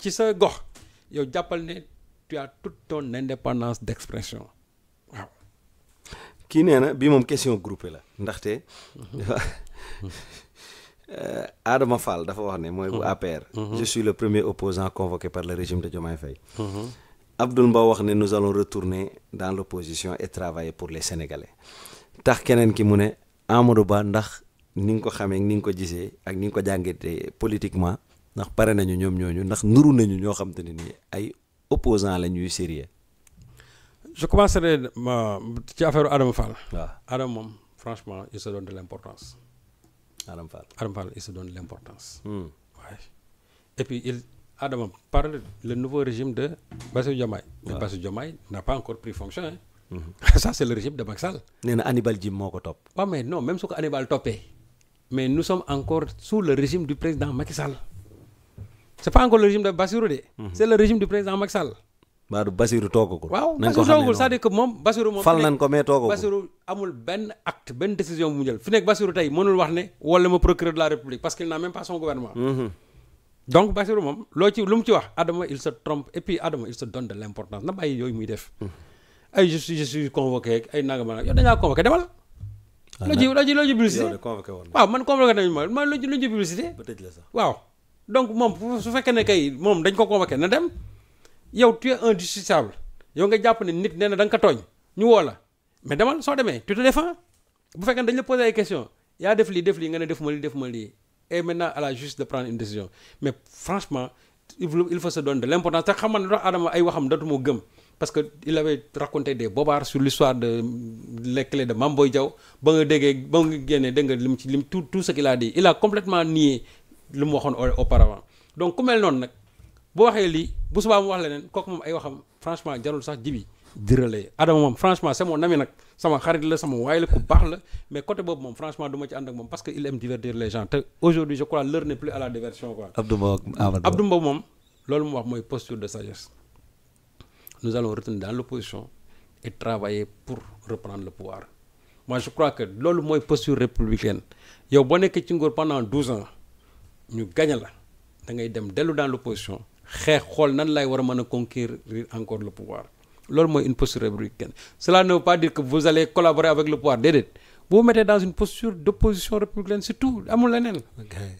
ci sa gox yow jàppal ne tu as toute ton indépendance d'expression waaw. kii nee na bii moom question groupée la ndaxte. Mhm. Euh, Adama Fall dafa wax ne mooy bu mhm. APR. Mhm. je le premier opposant convoqué par le régime de Diomaye Faye. Abdoul Mbaw wax ne nous allons retourner dans l'opposition et travailler pour les Sénégalais tax keneen ki mu ne Amadou Ba ndax ni nga ko xamee ni nga ko gisee ak ni nga ko jàngatee politiquement ndax pare nañu ñoom ñooñu ndax nuru nañu ñoo xam te ne nii ay opposant la ñuy sérieux je commencerai ci affaire Adama Fall. Adama moom franchement il se donne de l' importance. Adama Fall Adama Fall importance. waaye hmm. et puis il Adama par le nouveau régime de Bassirou Diomaye. waaw Bassirou Diomaye n'a pas encore pris fonction hein. Hmm. ça c' est régime de Macky Sall. nee na Hannibal Djim moo ko topp. waaw mais non même su ko Hannibal toppee mais nous sommes encore sous le régime du président Macky Sall. c'est pas encore le régime de Bassirou de. Mhm. c'est le régime du président Macky Sall. Badou Bassirou toogagul. waaw Bassirou toogagul c'est-à-dire que moom Bassirou moom. fal nañ ko mais toogagul Bassirou amul benn acte benn décision bu mu jël fi nekk Bassirou tey mënul wax ne wala ma procureur de la République parce qu'il n'a même pas mhm. moom loo ci lu mu ci wax Adama il se trompe et puis Adama il se de l'importance na bàyyi yooyu muy def. Mhm. ay je suis je suis convoqué ay nangam yow dañu laa convoqué demal. Ah, loo ci loo waaw man convoqué nañu ma man loo waaw. donc moom su fekkee ne kay moom dañ ko convoqué na dem yow tu es injusticiable yow nga jàpp ne nit nee na da nga ko tooñ ñu woo la mais demal soo demee tu te bu fekkee ne dañ question yaa def lii def lii nga ne defuma lii defuma lii et maintenant à la justice de prendre une décision mais franchement il faut se donner de l'importance xam nga ne dox Adama ay waxam dootuma gëm parce que il de les clés de ba déggee ba nga génnee dégg nga lim ci lim tout tout ce qu'il a dit il a lu mu waxoon auparavant donc ku mel noonu nag bu waxee lii bu subaa mu wax leneen kooku moom ay waxam franchement jarul sax jibi dërëlee Adama moom franchement c'est mon nag sama xarit la sama waay la ku baax la mais côté boobu moom franchement du ci ànd ak moom parce que il aime divertir les gens te aujourd'hui je crois l'heure n'est plus à la diversion quoi. Abdou Mbow moom loolu mu wax mooy posture de sagesse nous allons retourner dans l'opposition et travailler pour reprendre le pouvoir je crois que loolu mooy posture républicaine yow boo nekkee ci nguur pendant douze ñu gaña la da ngay dem dellu dans l'opposition xeex xool nan lay war a mën a conquérir encore le loolu mooy une posture républicaine cela ne pas dire que vous allez collaborer avec le pouvoir déedéet bu vous mettez dans une posture d'opposition républicaine surtout amul leneen.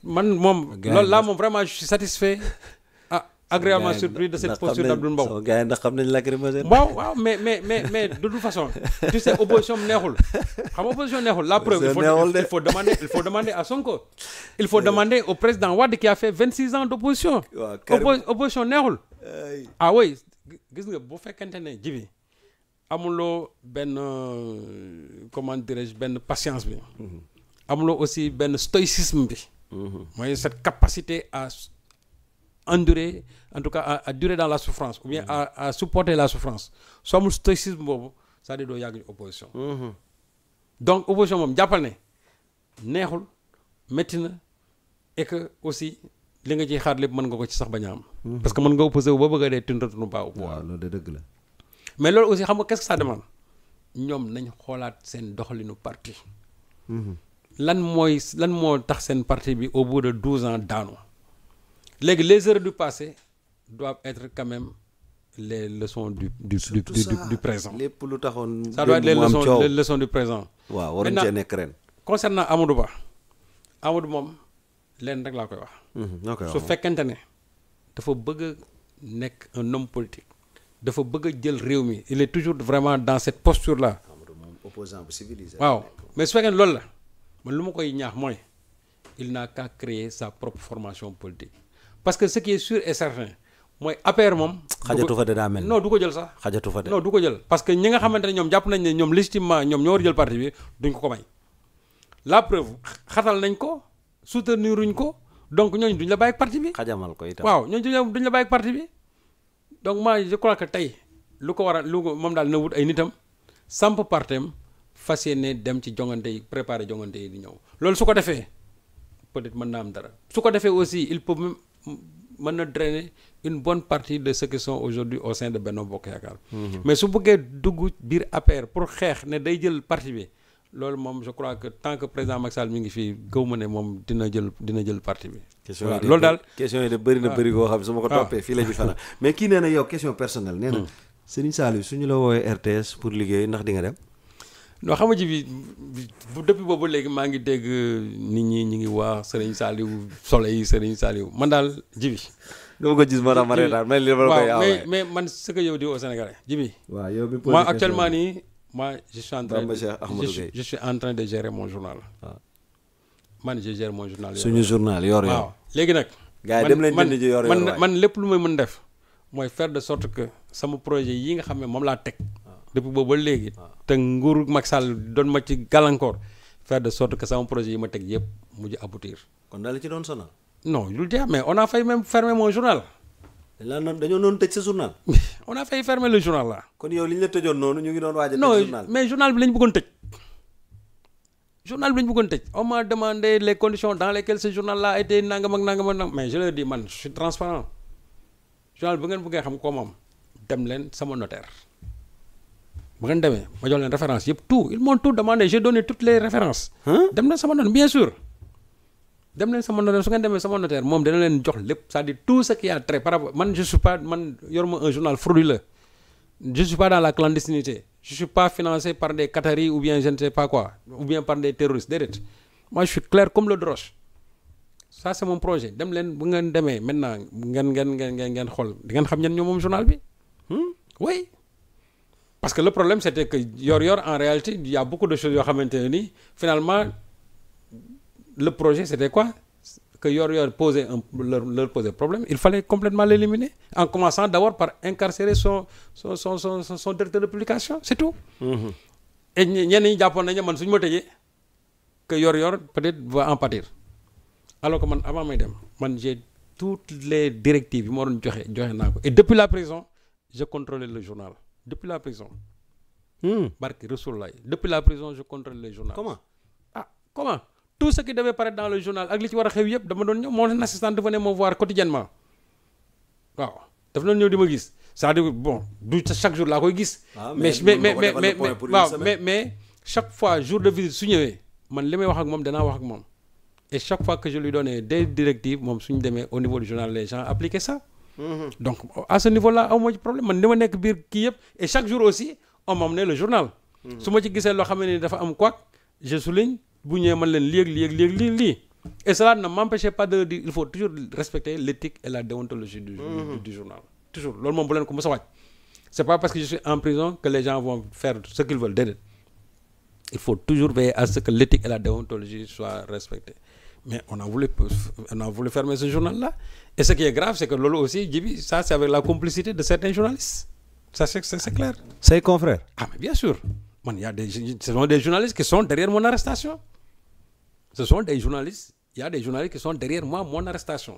man moom. loolu laa moom vraiment je satisfait. Ah, agréablement surpris de cette posture d'Abdoul Mbow. sama waaw mais mais mais de toute façon tu sais opposition la il faut demander au président Wade qui a fait 26 ans d' opposition. opposition neexul. ah oui gis nga bu fekkente ne jibi amuloo benn euh, comment dirais-je benn patience bi. Mhm. amuloo aussi benn stoïcisme bi. Mhm. mooy cette capacité à endurer en tout cas à, à dans la souffrance ou bien mhm. à à supporter la souffrance soo amul stoïcisme boobu cest à doo yàgg opposition. donc opposition moom jàppal ne neexul métti et que aussi li nga ciy xaar lépp mën nga ko ci sax bañ am. Mhm. parce que mën nga opposé wu ba bëgg a dee tun retourne pas au pouvoir. waaw loolu de dëgg la. mais loolu aussi xam nga qu'est-ce que ça ñoom nañ xoolaat seen doxalinu parti. Mhm. lan mooy lan moo tax seen parti bi au bout de douze ans daanu. léegi les erreurs du passé doivent être quand même les leçons du du du du, ça, du présent. lépp lu taxoon ça doit être les leçons les leçons du présent. waaw waruñu cee nekk ren. concernant Amadou Ba Amadou moom. leen rek laa koy wax. Mhm, su fekkante ne dafa bëgg nekk un homme politique. dafa bëgg a jël réew mi il est toujours vraiment dans cette posture là. opposant bu civilisé. waaw mais su fekkee loolu la man lu ma koy ñaax mooy il n'a qu'à créer sa propre formation politique parce que ce qui est sûr et certain mooy APR moom. xajatu fa danaa mel non du ko jël sax. xajatu fa de non du ko jël parce que ñi nga xamante ne ñoom jàpp nañ ne ñoom légitimement ñoom ñoo war jël parti bi duñ ko ko may la preuve xatal nañ ko. souteniruñ ko donc ñooñu duñ la bàyyi parti bi. xajamal ko itam waaw ñooñu duñ la bàyyi parti bi. donc maa je crois que tey lu ko waral a lu moom daal na wut ay nitam samp partem fas yéene dem ci jongante yi préparer jongante yi di ñëw loolu su ko defee peut-être mën naa am dara su ko defee aussi il peut même mën na drainer une bone partie de ceux qui sont aujourd'hui au sein de benn Bokk Yaakaar. Mhm. mais su bëggee dugg biir APR pour xeex ne day jël parti bi. loolu moom je crois que tant que président Macky Sall mi ngi fii gëw ma ne moom dina jël dina jël parti bi. waaw loolu daal question yi de bëri na bëri koo xam su ma ko toppee fii la ñu fanaan mais kii nee na question personnelle. nee na hmm. Serigne su ñu la woowee RTS pour liggéey ndax di nga dem. non xam nga ji bi bu depuis boobu léegi maa ngi dégg nit ñi ñu ngi wax Serigne Saliou soleil Serigne Saliou man daal ji bi. dama ko gis ma daal ma reetaan mais li la koy. waaw mais man ce yow di au Sénégalais ji bi. moi je suis en train de je, je suis en train de gérer mon journal. waaw ah. man je gère mon journal. suñu journal yor yor léegi nag. gars yi dem leen jënd yor yor man man lépp lu may mën def. mooy faire de sorte que sama projet yi nga xam ne moom laa teg. Ah. depuis boobu ba léegi. Ah. te nguuru Macky Sall doon ma ci gàllankoor. fair de sorte que sama projet yi ma teg yëpp mujj aboutir. kon daal ci doon sonal. non lu jeex mais on a failli même fermer mon journal. la noon dañoo noonu tëj sa journal. on a failli fermer le journal là. kon yow li ñu la tëjoon noonu ñu ngi doon waaj a. tëj journal non mais journal bi lañ bëggoon tëj. journal bi lañ bëggoon tëj on m'a demandé les conditions dans ce journal là a été nangam ak nangam mais je leur man je transparent journal bu ngeen bëggee xam ko moom dem leen sama notaire. bu ngeen demee ma jox leen référence yëpp tout ils m'ont tout demandé j'ai donné toutes na sama notaire bien sûr. dem leen sama notaire su ngeen demee sama notaire moom dana leen jox lépp cest à tout ce qui a trait par rapport man je suis pas man yor ma journal frauduleux je suis pas dans la clandestinité je pas financé par des qataris ou bien je ne pas quoi ou bien par des terroristes déedéet moi je suis clair comme le droche ça c'est mon projet dem leen bu ngeen demee maintenant ngeen ngeen ngeen ngeen xool di ngeen xam ñen ñoo moom journal bi hmm? oui parce que le problème c'était yor en réalité il y yoo xamante ne nii finalement le projet c'était quoi que Yor Yor posait un leur leur posait problème il fallait complètement l'éliminer en commençant d'abord par incarcérer son son son son son, directeur de publication c'est tout. Mmh. ñi jàppoon nañu man suñu ma tëjee que Yor Yor peut-être va en pâtir alors que man avant may dem man j'ai toutes les directives yi ma doon joxe joxe naa ko et depuis la prison je contrôlais le journal depuis la prison. Hmm. barki Rasoul depuis la prison je contrôle les journaux. comment ah, tout ce qui devait paraître dans le journal ak li ci war a xew yëpp dama doon ñëw mon assistante dafa ne ma voir quotidiennement waaw dafa doon ñëw di ma gis c'est-à-dire bon chaque jour laa koy gis. Ah, mais mais mais mais mais mais chaque fois jour de visite su ñëwee man li may wax ak moom danaa wax ak moom et chaque fois que je lui donnais des directives moom suñu demee au niveau du journal les gens appliquaient ça. Mm-hmm. donc à ce niveau là amoo ci problème man li ma nekk biir kii yëpp chaque jour aussi on m'emmenait le journal. Mm-hmm. su ma ci gisee loo xam ne dafa am quoi je bu ñëwee man leen lii ak lii ak lii ak lii lii et cela ne m'empêchait pas de dire il faut toujours respecter l'éthique et la déontologie du, mmh. journal toujours loolu moom bu ko mës a wàcc c'est pas parce que je suis en prison que les gens vont faire ce qu'ils veulent déedéet il faut toujours veiller à ce que l'éthique et la déontologie soient respectées mais on a voulu on a voulu fermer ce journal là et ce qui est grave c'est que loolu aussi Djibi ça c'est avec la complicité de certains journalistes ça c'est c'est clair. say confrères. Ah, ce sont des journalistes il des journalistes qui sont derrière moi mon arrestation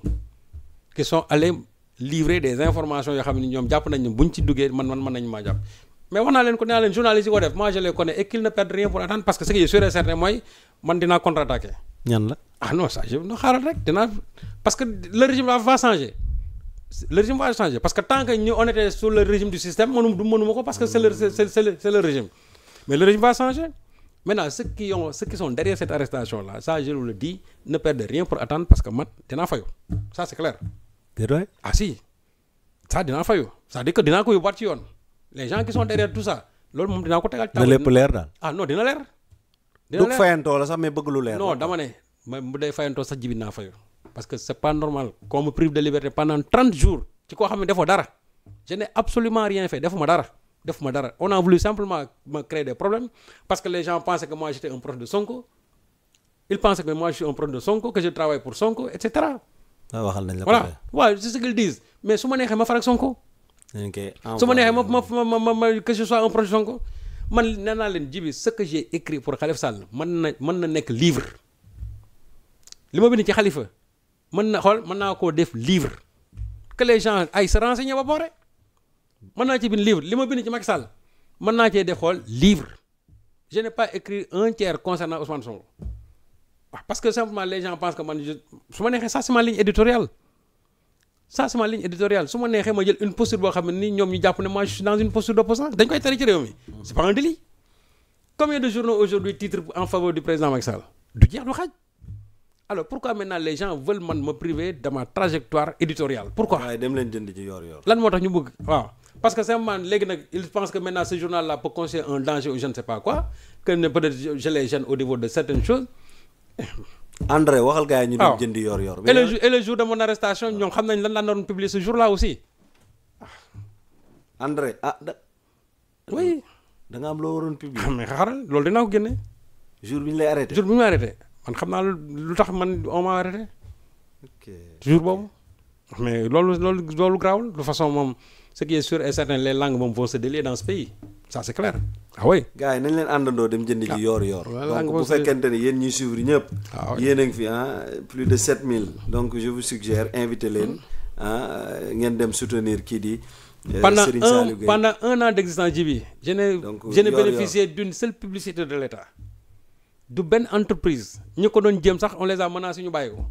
qui sont allés livrer des informations yoo xam ne ñoom jàpp nañ ne buñ ci duggee man man mën nañ maa jàpp mais wax naa leen ko nee naa leen journalistes yi ko def moi je les connais et qu'ils rien pour attendre parce que ce qui est sûr et mooy man dinaa contre-attaquer. ñan la ah non ça je xaaral rek dinaa parce que le régime va changer. changer le régime du système maintenant ceux qui ont ceux qui sont derrière cette arrestation là ça je vous le dis ne perdez rien pour attendre parce que man dinaa fayu ça c'est clair. déedéet ah si ça dinaa fayu c'est-à-dire que ko yóbbuwaat ci yoon les gens qui sont derrière tout ça loolu moom dinaa ko tegal. taw leer daal ah non dina leer. dina leer du fayantoo la sax mais bëgg lu leer. non dama ne ma bu dee fayantoo sax jibi naa fayu parce que c'est pas normal qu'on me prive de liberté pendant trente jours ci koo xam ne defoo dara je n'ai absolument rien fait defuma dara. def ma dara on a simplement me créer des problèmes parce que les gens pensaient que moi j'étais un proche de Sonko ils pensaient que moi je suis un proche de Sonko que je travaille pour Sonko et cetera. waaw ah, waxal nañ la ko voilà waaw mais su ma neexee ma far ak Sonko. su ma neexee ma ma ma ma ma que je sois un man nee naa leen jibi ce que j'ai écrit pour Khalifa Sall mën na mën na nekk livre li ma bind ci Khalifa mën na xool mën naa koo def livre que les gens ay se renseigner ba boore. mën naa ci bind livre li ma bind ci Macky Sall mën naa cee def xool livre je n'ai pas écrit un tiers concernant Ousmane Sonko waaw parce que simplement les gens que man su ma neexee ça c'est ma ligne éditoriale ça c'est ma ligne éditoriale su ma neexee ma jël une posture boo xam ne ni ñoom ñu jàpp ne moi je suis dans une posture d'opposant dañ koy tere ci réew mi c'est pas un délit combien de journaux aujourd'hui titre en faveur du président Macky du jeex du xaaj alors pourquoi maintenant les gens veulent man ma dem leen jënd ci yor yor lan moo tax ñu bëgg waaw parce que simplement léegi nag il pense que maintenant ce journal là peut constituer un danger je ne sais pas quoi que ne peut-être je, je waxal gars yi ñu doon jëndi yor-yor. et le jour et le jour de mon arrestation ñoom xam nañ lan na doon publier ce jour là aussi. Ah. André ah da. oui am loo waroon publier. Ah, mais xaaral loolu dinaa ko génne. jour bi ñu lay arrêté jour bi ñu lay man xam naa lu tax man on m'a arrêté. ok jour boobu. mais loolu loolu loolu garaawul de façon moom. ce qui est sûr et certain les langues moom vont se délier dans pays ça c'est clair ah oui. gars yi nañ leen àndandoo dem jënd ji ah. yoor yoor donc bu fekkente ne yéen ñuy suivre ñëpp ah yéen fi ah plus de 7000 donc je vous leen ah ngeen dem soutenir kii di euh, pendant un pendant un an d'existence ji bi je n'ai je n'ai bénéficié d'une seule publicité de l'État du benn entreprise ñi ko doon jëm sax on les a menacés ñu bàyyi ko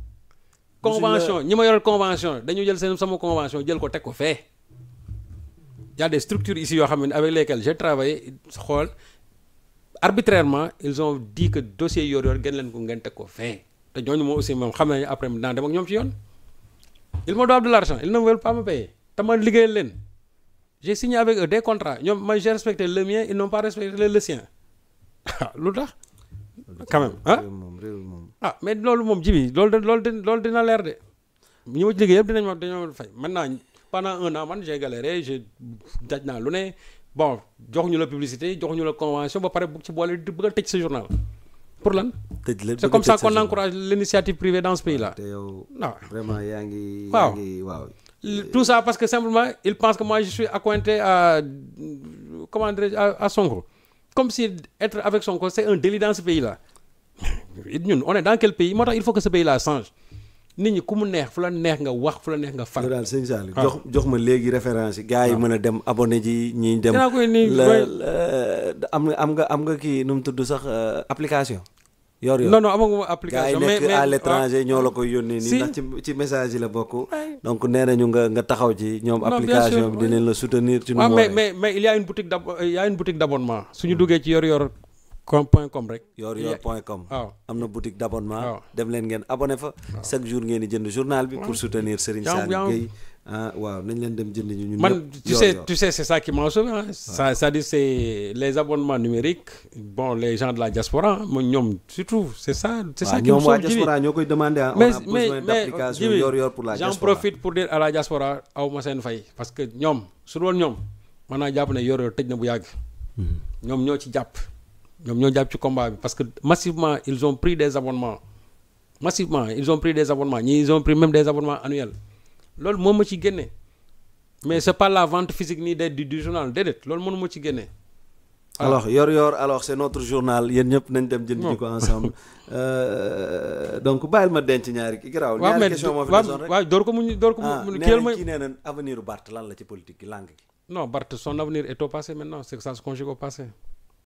convention ñi ma yoral convention dañu jël seen sama convention jël ko teg ko fee y a des structures ici yoo xam ne avec lesquelles j'ai travaillé xool arbitrairement ils ont dit que dossier yoor yoor gën leen ko ngeen ko fin te ñooñu moom aussi moom xam nañu après dinaa dem ñoom ci yoon ils me doivent de l'argent ils ne veulent pas me payer te ma liggéeyal leen j'ai signé avec des contrats ñoom man j'ai respecté le mien ils n'ont pas respecté le sien ah, lu tax quand même ah ah mais loolu moom jibi loolu de loolu de loolu dina leer de ñi ma ci liggéey yëpp dinañ ma pendant un an man j'ai galéré je daj naa lu ne bon jox ñu la publicité jox ñu la convention ba pare bu ci boole di bëgg a tëj sa journal pour lan. tëj la c'est comme ça qu'on encourage l'initiative privée dans ce pays ah vraiment yaa ngi. waaw waaw. tout ça parce que simplement il pense que moi je suis accointé à comment dirais-je à Sonko comme si être avec Sonko c'est un délit dans ce pays là ñun on est dans quel pays moo tax il faut que ce pays là change. nit ñi ku mu neex fu la neex nga wax fu la neex nga fal. daal sëñ Saliou ah. jox jox ma léegi référence yi gars yi ah. mën a dem abonné ji ñi dem. dinaa koy nii am nga am nga am nga kii nu mu tudd sax euh, application. yor yor non non amaguma application. mais mais à l'étranger ah. ñoo la koy yónnee nii. ndax ci ci message yi la bokk. donc nee nañu nga nga taxaw ci ñoom. application bi dinañ la soutenir. ci nu mais mais il y a une boutique d' il a une d' abonnement. suñu hmm. duggee ci yor yor. com point com rek. yor yor point com. waaw am na boutique d' abonnement. dem leen ngeen abonné fa. chaque jour ngeen di jënd journal bi. pour soutenir Serigne Saliou Guèye. ah leen dem jënd ñu. man tu sais tu sais c' est ça qui m'a sauvé ah. ça c' est à dire bon les gens de la diaspora moom ñoom surtout c' est ça. ñoo koy demandé ah. on a yor yor pour la diaspora. j' en profite pour dire à la diaspora aw ma seen fay parce que ñoom su doon ñoom mën naa jàpp ne yor yor tëj na bu yàgg. Hmm. ñoom ñoo ci jàpp ñoom ñoo jàpp ci combat bi parce que massivement ils ont pris des abonnements massivement ils ont pris des abonnements ñii ils ont pris même des abonnements annuels loolu moom ma ci génne mais c'est pas la vente physique nii day du journal déedéet loolu mënu ma ci génne. alors Yoor Yoor alors c'est notre journal yéen ñëpp nañ dem jënd ji ko ensemble euh, donc bàyyil ma denc ñaari ki garaaw ñaari question door ko mu door ko mu ah, kiyal ma kii nee nañ la ci politique gi langue gi